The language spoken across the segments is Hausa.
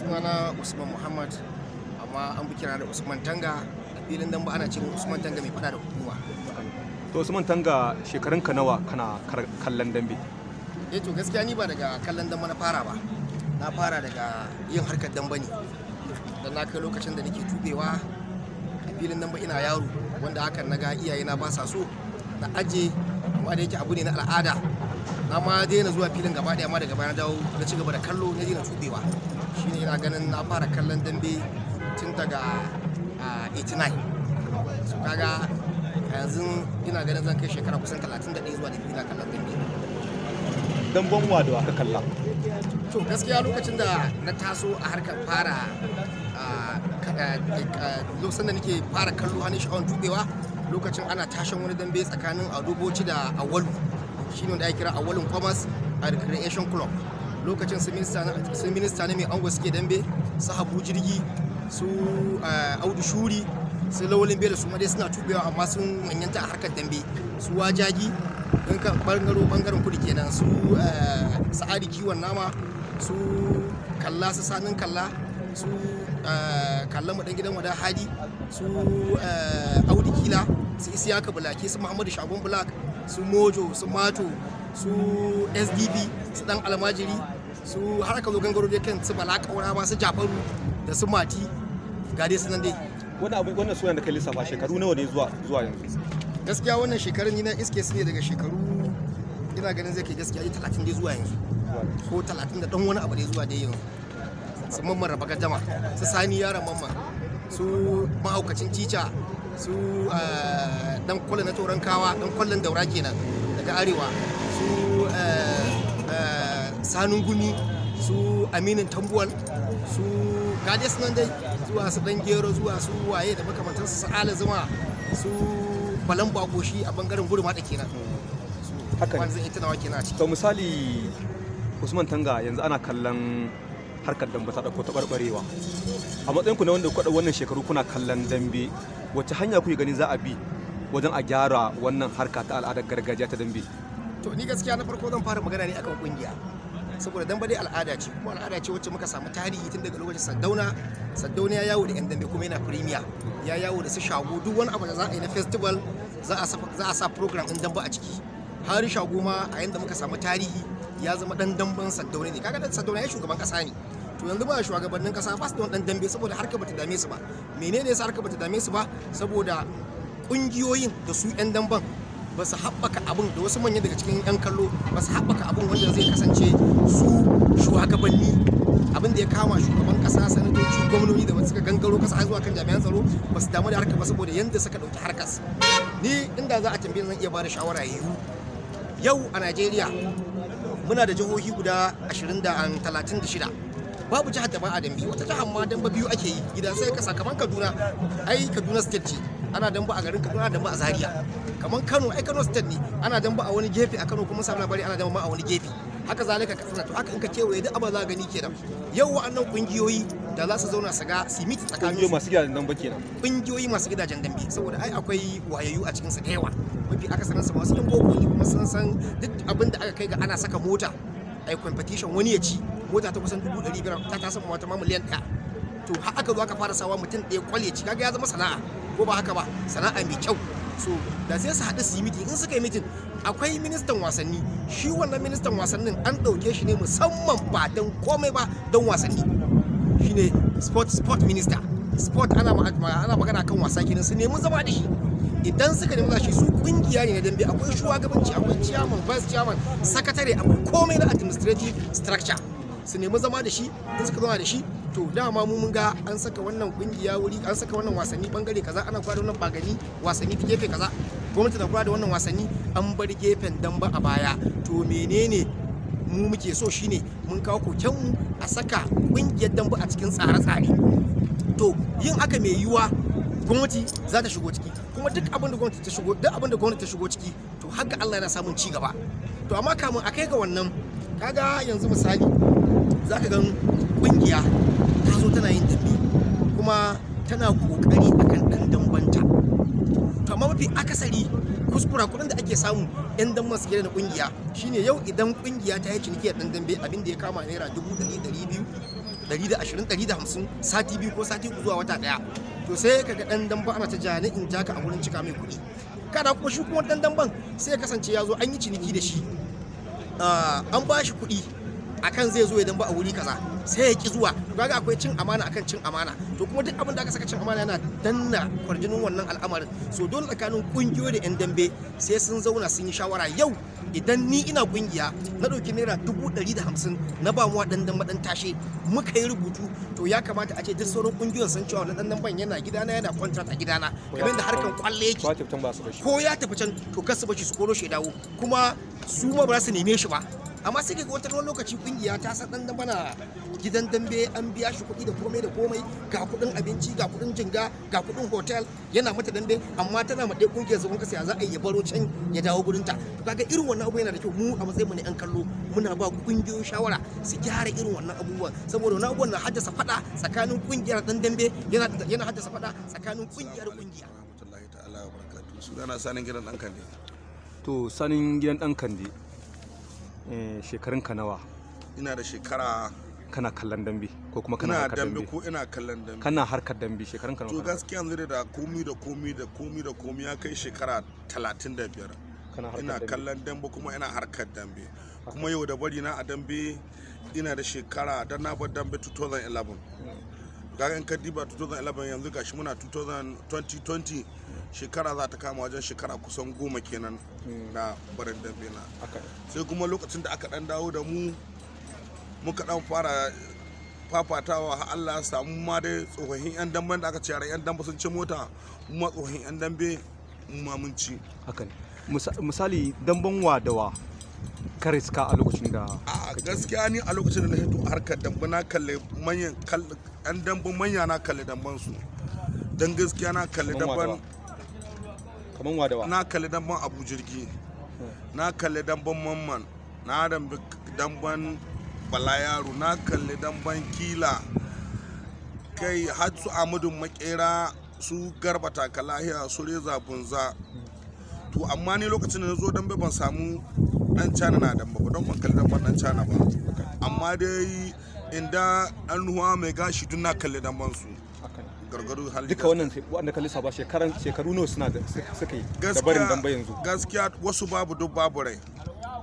sunana usman muhammad amma an fi kira da usman tanga a filin dan ba ana ce usman tanga mai fada da hukuma to usman tanga shekarun ka nawa kana kallon dambe eh to gaskiya ni ba daga kallon dambe na fara ba na fara daga yin harkar dambe ne dan na kai lokacin da nake tubewa a filin ba ina yaro wanda hakan na ga iyaye na ba sa so na aje amma da yake abu ne na al'ada na ma daina zuwa filin gaba daya amma daga bayan dawo na ci gaba da kallo na daina tubewa shine ina ganin na fara kallon dambe tun daga 89 so kaga yanzu ina ganin zan kai shekara kusan 31 zuwa da ina kallon dambe damben wa aka kalla to gaskiya lokacin da na taso a harkar fara lokacin da nake fara kallo hannun sha'awar dubewa lokacin ana tashin wani dambe tsakanin adoboci da awalu shine wanda ya kira awalin commerce a recreation club lokacin su minista na mai ango suke dambe su habu jirgi su eh, audu shuri su laulin bela su madai suna tubewa amma sun manyanta a harkar dambe su wajagi in kan bangaro bangaren kudu kenan su eh, sa'adi kiwon nama su kalla su sanin kalla su eh, Kalla mu dan gidan wada hadi su Audu kila su ka bulaki su muhammadu shagon bulak su mojo su mato su sdb su dan almajiri su har aka garo kan su bala ba su jafaru da su mati ga dai sunan dai wannan sunan da kai lissafa shekaru nawa ne zuwa zuwa yanzu gaskiya wannan shekarun ni na iske su ne daga shekaru ina ganin zai kai gaskiya yi talatin dai zuwa yanzu ko talatin da dan wani abu dai zuwa dai yanzu su mamman raba gajama su sani yaran mamman su mahaukacin cica su ah, dan kwallo na turan kawa dan kwallon daura kenan daga arewa su ah, ah, sanun gumi su aminin tambuwal su gadis nan dai zuwa su dan gero zuwa su waye da makamantar su ala zama su balan bagoshi a bangaren gudu da kenan haka ne wanzan itinawa nawa kenan to misali Usman Tanga yanzu ana kallon harkar dambata da ko ta barbarewa a matsayin ku na wanda kuka wannan shekaru kuna kallon dambe wacce hanya kuke gani za a bi wajen a gyara wannan harka ta al'adar gargajiya ta dambe to ni gaskiya na farko zan fara magana ne akan kungiya saboda dambe dai al'ada ce kuma al'ada ce wacce muka samu tarihi tun daga lokacin saddauna saddauna ya yawo da yan dambe kuma yana premier ya yawo da su shago duk wani abu da za a yi na festival za a za a sa program din dambe a ciki har shago ma a yanda muka samu tarihi ya zama dan damben saddauna ne kaga dan saddauna ya shugaban kasa ne to yanzu ba shugabannin kasa ba su da wannan dambe saboda harka bata dame su ba menene yasa harka bata dame su ba saboda kungiyoyin da su yan damban, ba su haɓaka abin da wasu manya daga cikin yan kallo ba su haɓaka abin wanda zai kasance su shugabanni abin da ya kama shugaban kasa sanatoci gwamnoni da suka gangaro kasa har zuwa kan jami'an tsaro ba su damu da harka ba saboda yanda suka ɗauki harkas ni inda za a tambaye zan iya ba da shawara yiwu yau a najeriya muna da jihohi guda 36 babu jihar da ba adam biyu wata jihar ma damba biyu ake yi gidan sai ka kaman kaduna ai kaduna state ce ana damba a garin kaduna damba a zaria kamar kano ai kano state ne ana damba a wani gefe a kano kuma samu labari ana damba a wani gefe haka zalika tsana to haka in ka kewaye duk abin za gani kenan yau wa'annan kungiyoyi da za su zauna su ga su miti tsakanin kungiyoyi masu gidajen dambe kenan kungiyoyi masu gidajen damba saboda ai akwai wayayyu a cikin su da yawa mafi akasarin su su dan boko ne kuma sun san duk abin da aka kai ga ana saka mota a competition wani ya ci mota ta kusan dubu ɗari biyar ta ta san wata ma miliyan ɗaya to har aka zo aka fara sawa mutum ɗaya kwal ya ci kaga ya zama sana'a ko ba haka ba sana'a mai kyau so da sai su haɗu su yi meeting in suka yi meeting akwai ministan wasanni shi wannan ministan wasannin an ɗauke shi ne musamman ba don komai ba don wasanni shine sport sport minister sport ana magana kan wasa kenan su nemi zama da shi idan suka nemi gashi su kungiya ne na dambe akwai shugabanci akwai chairman vice chairman sakatare akwai komai na administrative structure su nemi zama da shi in suka zama da shi to dama mu mun ga an saka wannan kungiya wuri an saka wannan wasanni bangare kaza ana kwado da wannan bagani wasanni ta gefe kaza gwamnati na kula da wannan wasanni an bar gefen damba a baya to menene mu muke so shine mun kawo kokenmu a saka kungiyar damba a cikin tsare-tsare to yin haka mai yiwa gwamnati za ta shigo ciki kuma duk abin da gwamnati ta shigo duk abin da gwamnati ta shigo ciki to har ga Allah yana samun ci gaba to amma kamun akai ga wannan kaga yanzu misali zaka ga kungiya ta zo tana yin dambe kuma tana kokari akan dan dambanta to amma mafi akasari kuskura kudin da ake samu yan dan masu gida na kungiya shine yau idan kungiya ta yi ciniki dan dambe abin da ya kama naira dubu dari dari biyu dari da ashirin dari da hamsin sati biyu ko sati uku zuwa wata ɗaya to sai ka ga dan damba ana ta jani in ka a wurin cika mai kuɗi kada kuma shi kuma dan damban sai kasance ya zo an yi ciniki da shi ah, an ba shi kuɗi akan zai zo idan ba a wuri kaza sai ya ki zuwa to kaga akwai cin amana akan cin amana to kuma duk abin da aka saka cin amana yana danna kwarjinin wannan al'amarin so dole tsakanin kungiyoyi da yan dambe sai sun zauna sun yi shawara yau idan ni ina kungiya na ɗauki naira dubu ɗari da hamsin na ba muwa ɗan dan tashe muka yi rubutu to ya kamata a ce duk sauran kungiyoyin sun cewa na ɗan ban yana gidana yana kwantar a gidana kamar da harkan kwalle yake ko ya tafi can to kasu bashi su koro shi dawo kuma su ma ba su neme shi ba amma sai kaga wata lokaci kungiya ta san dan bana gidan dambe an biya shi kuɗi da komai da komai ga kuɗin abinci ga kuɗin jinga ga kuɗin hotel yana mata dambe amma tana ma ɗaya kungiyar zagon kasa ya za a yi ya baro can ya dawo gurin ta to kaga irin wannan abu yana da kyau mu a matsayin mu ne an kallo muna ba kungiyoyin shawara su gyara irin wannan abubuwan saboda wannan abubuwan na haddasa faɗa tsakanin kungiyar dan dambe yana yana haddasa faɗa tsakanin kungiyar kungiya sunana sanin gidan dan kande to sanin gidan dan kande Eh, shekarun ka nawa ina da shekara kana kallon dambe ko kuma kana harkar dambe ko ina kallon dambe kana harkar dambe shekarun ka nawa to gaskiya yanzu da komi da komi da komi da komi ya kai shekara 35 ina kallon dambe kuma ina harkar dambe kuma yau da bari na a dambe ina da shekara dan na bar dambe 2011 kaga in ka diba 2011 yanzu gashi muna 2020 shekara za ta kama wajen shekara kusan goma kenan hmm. na barin dambe na sai kuma lokacin da aka dan dawo da mu muka dan fara fafatawa har Allah samu ma dai tsohon yan damben da aka ce yan dambe sun ci mota mu ma tsofaffin yan dambe mu ma mun ci misali damben wadawa kariska a lokacin da a gaskiya ni a lokacin da na hito harkar dambu na kalle manyan yan dambu manya na kalle damban su don gaskiya na kalle damban kaman wadawa na kalle damban abu jirgi na kalle damban mamman na dambe damban bala yaro na kalle damban kila kai har su amadu makera su garba takalahiya su reza bunza to amma ni lokacin da na zo dambe ban samu dan cana na dan ba don ban kalli ban dan cana ba amma dai inda an ruwa mai gashi duk na kalli ban su gargaru hali duka wannan wanda kalli ba shekaran shekaru nawa suna da suka yi da barin dambe yanzu gaskiya wasu babu duk babu rai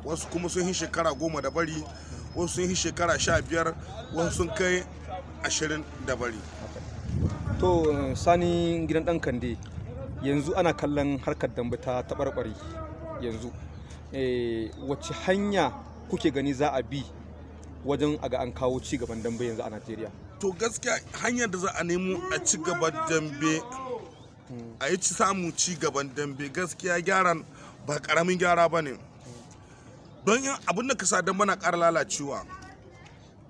wasu kuma sun yi shekara goma da bari wasu sun yi shekara sha biyar wasu sun kai ashirin da bari to eh, sani gidan dan kande yanzu ana kallon harkar dambe ta taɓarɓare yanzu eh, wacce hanya kuke gani za a bi wajen a ga an kawo ci gaban dambe yanzu a najeriya to gaskiya hanyar da za a nemo a ci gaban dambe a yi ci samu ci gaban dambe gaskiya gyaran ba karamin gyara ba ne don yin abin da kasa dambe na ƙara lalacewa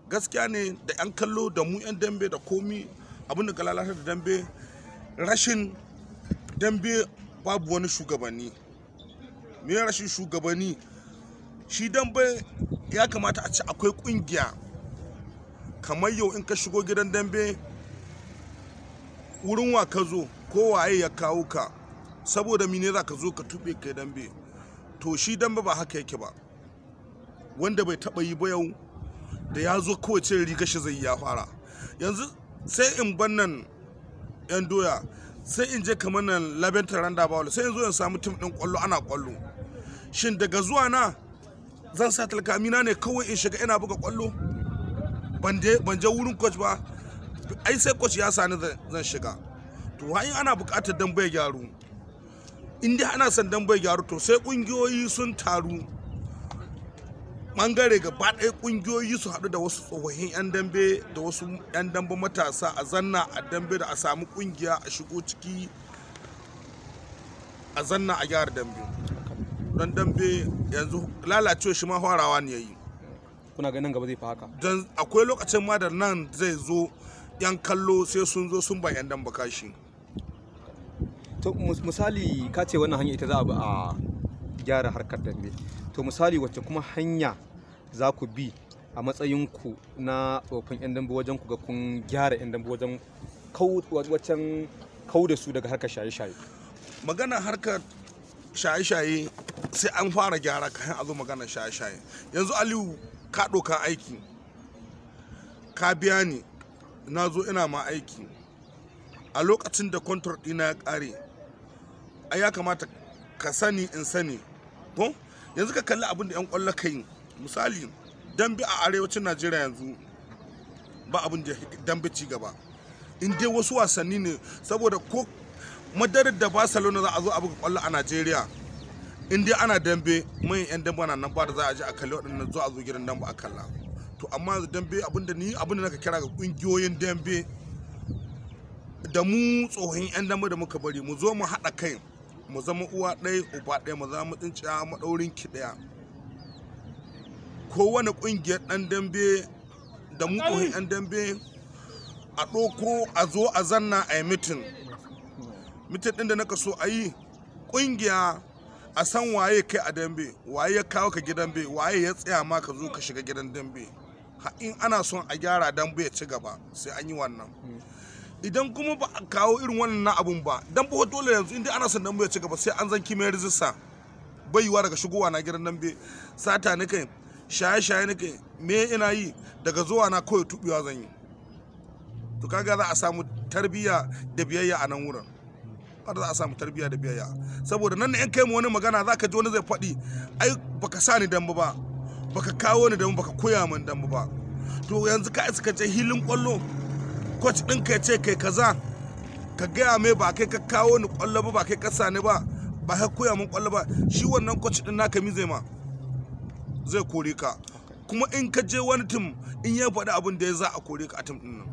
gaskiya ne da 'yan kallo da mu 'yan dambe da komi abin da ka lalata da dambe rashin dambe babu wani shugabanni me ya rashin shugabanni shi dambe ya kamata a ce akwai kungiya kamar yau in ka shigo gidan dambe wurin wa ka zo ko waye ya kawo ka saboda mine za ka zo ka tube kai dambe to shi dambe ba haka yake ba wanda bai taba yi ba yau da ya zo kowace riga shi zai ya fara yanzu sai in bannan yan doya sai in je kamar nan labenta da bawul sai in zo in samu tim din kwallo ana kwallo shin daga zuwa na zan sa talkamina ne kawai in shiga ina buga kwallo ban je wurin coach ba ai sai coach ya sani zan shiga to hain ana buƙatar dan bai gyaru in dai ana san dan bai gyaru to sai kungiyoyi sun taru bangare gaba ɗaya ƙungiyoyi su haɗu da wasu tsofaffin 'yan dambe da wasu 'yan dambe matasa a zanna a dambe da a samu ƙungiya a shigo ciki a zanna a gyara dambe don dambe yanzu lalacewa shi ma farawa ne ya yi kuna ganin gaba zai fi haka don akwai lokacin ma da nan zai zo 'yan kallo sai sun zo sun ba 'yan dambe kashi misali ka ce wannan hanya ita za a gyara harkar dambe to misali wacce kuma hanya za ku bi a matsayinku na tsofin 'yan dambe wajen ku ga kun gyara 'yan dambe wajen wacan kau da su daga harkar shaye-shaye magana harkar shaye-shaye sai an fara gyara kayan a zo magana shaye-shaye yanzu aliyu ka doka aiki ka biya ni na zo ina ma aiki a lokacin da kwantar ɗina ya kare, a ya kamata ka sani in sani bon yanzu ka kalli abin da 'yan kwallo ka yi misali dambe a arewacin najeriya yanzu ba abin da dambe ci gaba in dai wasu wasanni ne saboda ko madarar da barcelona za a zo abin kwallo a najeriya in dai ana dambe mai 'yan dambe na nan ba da za a je a kalli waɗannan zo a zo gidan dambe a kalla to amma yanzu dambe abin da ni abin da naka kira ga kungiyoyin dambe da mu tsohon 'yan dambe da muka bari mu zo mu haɗa kai mu zama uwa ɗaya uba ɗaya mu zama tsinciya maɗaurin ki ɗaya kowane ƙungiyar ɗan dambe da mu ɗan dambe a ɗoko a zo a zanna a yi mitin mitin ɗin da na so a yi ƙungiya a san waye kai a dambe waye ya kawo ka gidan dambe waye ya tsaya ma ka zo ka shiga gidan dambe in ana son a gyara dambe ya ci gaba sai an yi wannan mm. idan kuma ba a kawo irin wannan abun ba dan ba dole yanzu inda ana son dambe ya ci gaba sai an zan kimiyyar rijista baiwa daga shigowa na gidan danbe. sata ni kai shaye-shaye ni kai me ina yi daga zuwa na kawai tubiwa zan yi to kaga za a samu tarbiyya da biyayya a nan wurin har za a samu tarbiyya da biyayya saboda nan ne in kai mu wani magana za ka ji wani zai faɗi ai baka sa ni dambe ba baka kawo ni dambe baka koya min dambe ba to yanzu ka iska ce hilin kwallo coach ɗinka ya ce kai kaza ka gaya mai ba kai ka kawo ni kwallo ba kai ka sani ba ba ka koya min kwallo ba shi wannan coach ɗin naka mi zai ma zai kore ka kuma in ka je wani tim in ya faɗi abin da ya za a kore ka a tim ɗin nan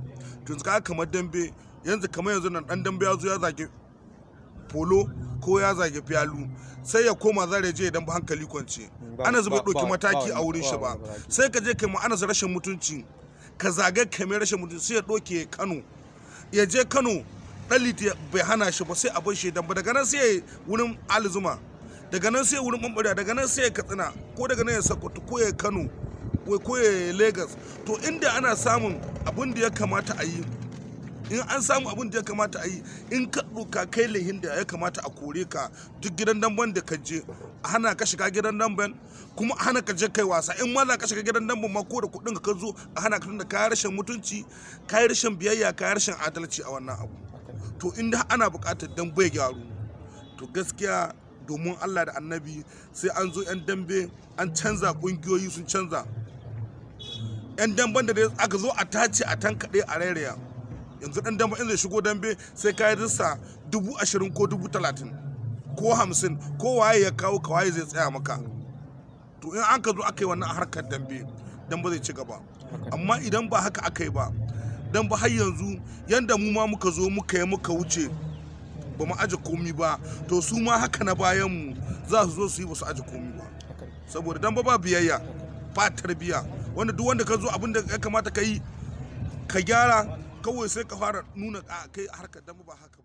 tun ka kamar dambe yanzu kamar yanzu nan ɗan dambe ya zo ya zage polo ko ya zage fiyalu sai ya koma zare je idan ba hankali kwance ana zuba doki mataki a wurin shi ba sai ka je kai ma ana rashin mutunci ka zaga kamar rashin mutum sai ya doke Kano ya je Kano ɗalita bai hana shi ba sai a bar shi dan daga nan sai wurin alzuma daga nan sai wurin bambara daga nan sai katsina ko daga nan ya sakkwato ko ya Kano ko ya Lagos to inda ana samun abin da ya kamata a yi in an samu abin da ya kamata a yi in ka ɗauka kai lahin da ya kamata a kore ka duk gidan damban da ka je a hana ka shiga gidan damban, kuma a hana ka je kai wasa in ma za ka shiga gidan damban ma ko da kuɗin ka zo a hana ka tunda kayan rashin mutunci kayan rashin biyayya kayan rashin adalci a wannan abu to inda ana buƙatar dambe gyaru to gaskiya domin Allah da annabi sai an zo 'yan dambe an canza ƙungiyoyi sun canza 'yan damban da aka zo a tace a tankaɗe a rairaya yanzu dan dambe in zai shigo dambe sai ka yi rissa dubu ashirin ko dubu talatin ko hamsin ko waye ya kawo ka waye zai tsaya maka to in an ka zo aka yi wannan harkar dambe dambe zai ci gaba amma idan ba haka aka yi ba dan ba har yanzu yanda mu ma muka zo muka yi muka wuce ba mu aji komi ba to su ma haka na bayan mu za su zo su yi ba su aje komi ba saboda dan ba ba biyayya ba tarbiya wanda duk wanda ka zo abin da ya kamata ka yi ka gyara kawai sai ka fara nuna kai harkar dama ba haka